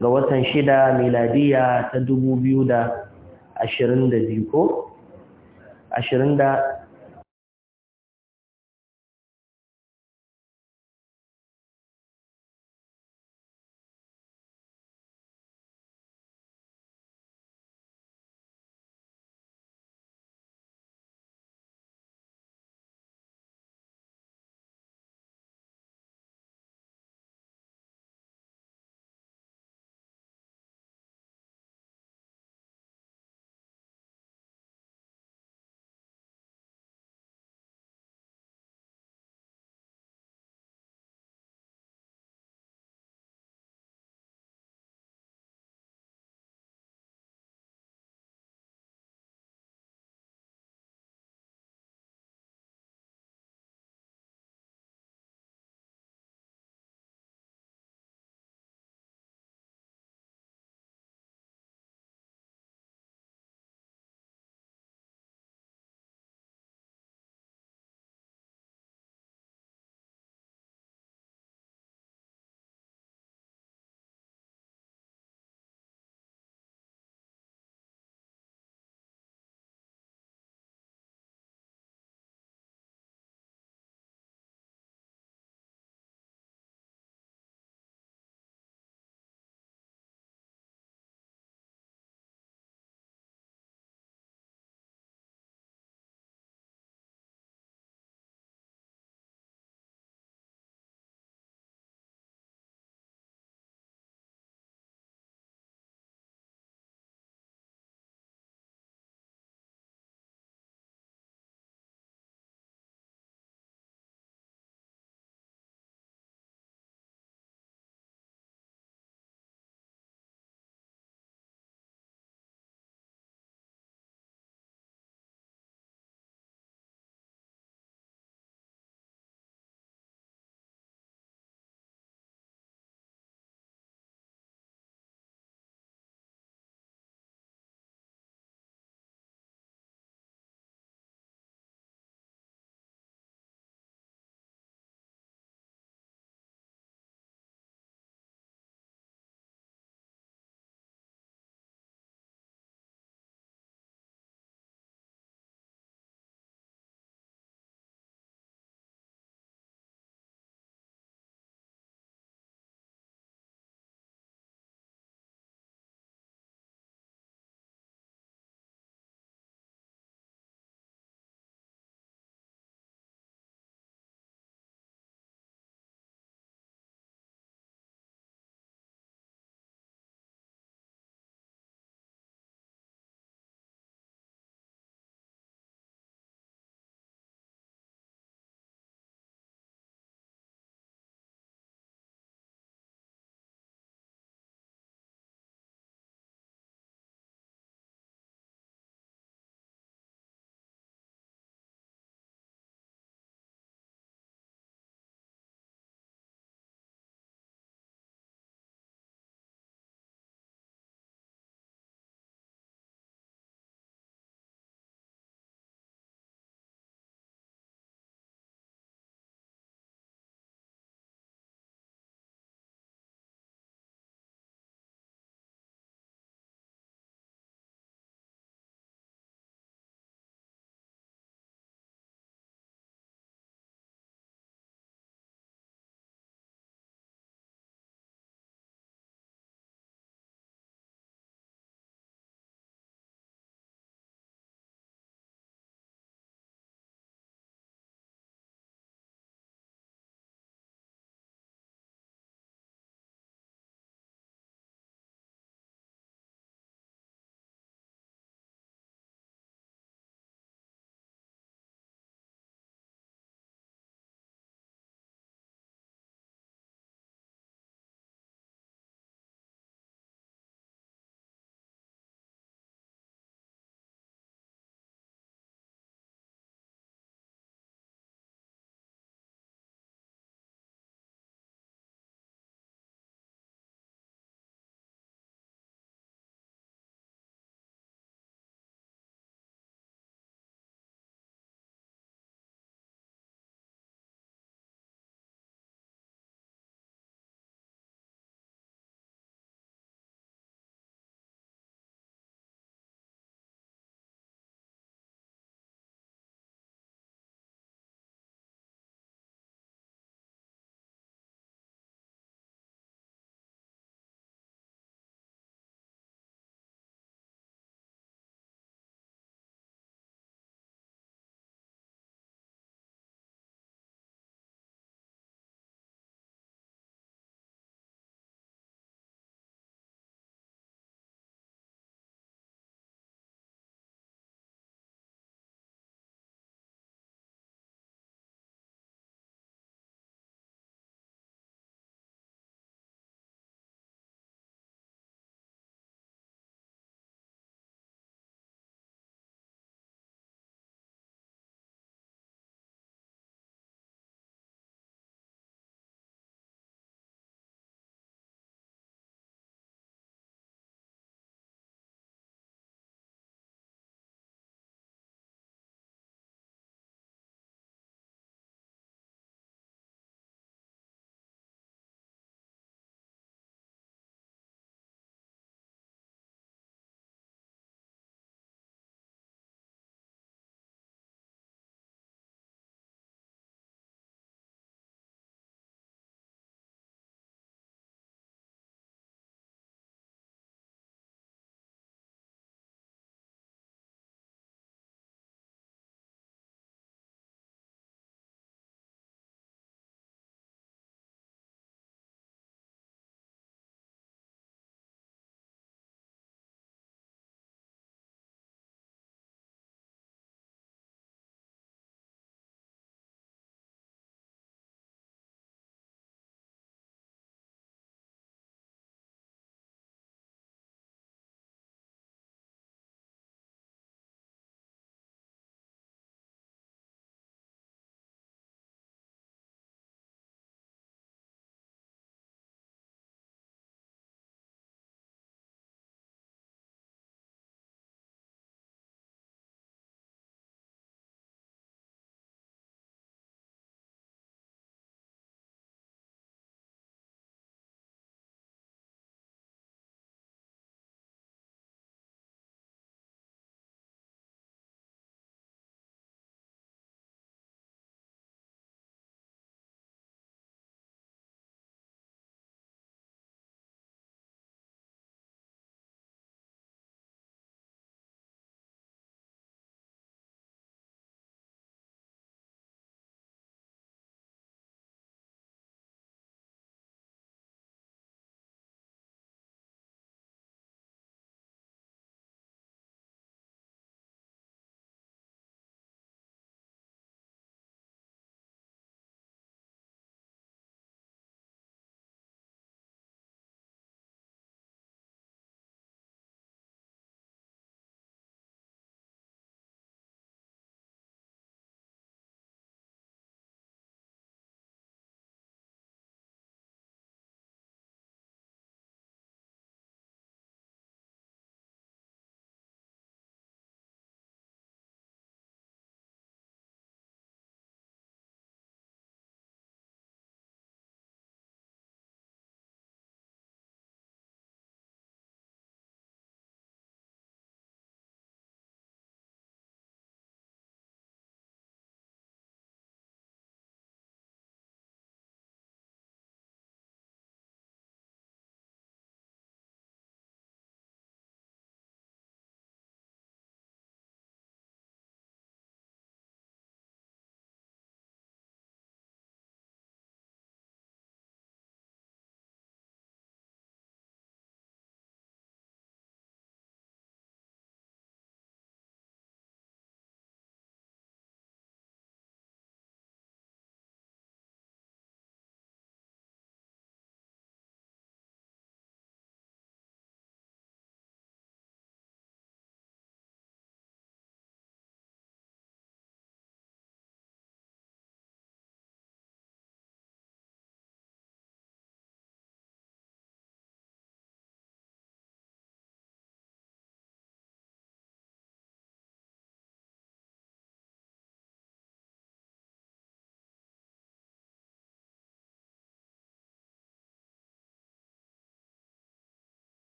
ga watan shida miladiya ta dubu biyu da ashirin da biyu ko ashirin da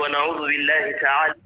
ونعوذ بالله تعالى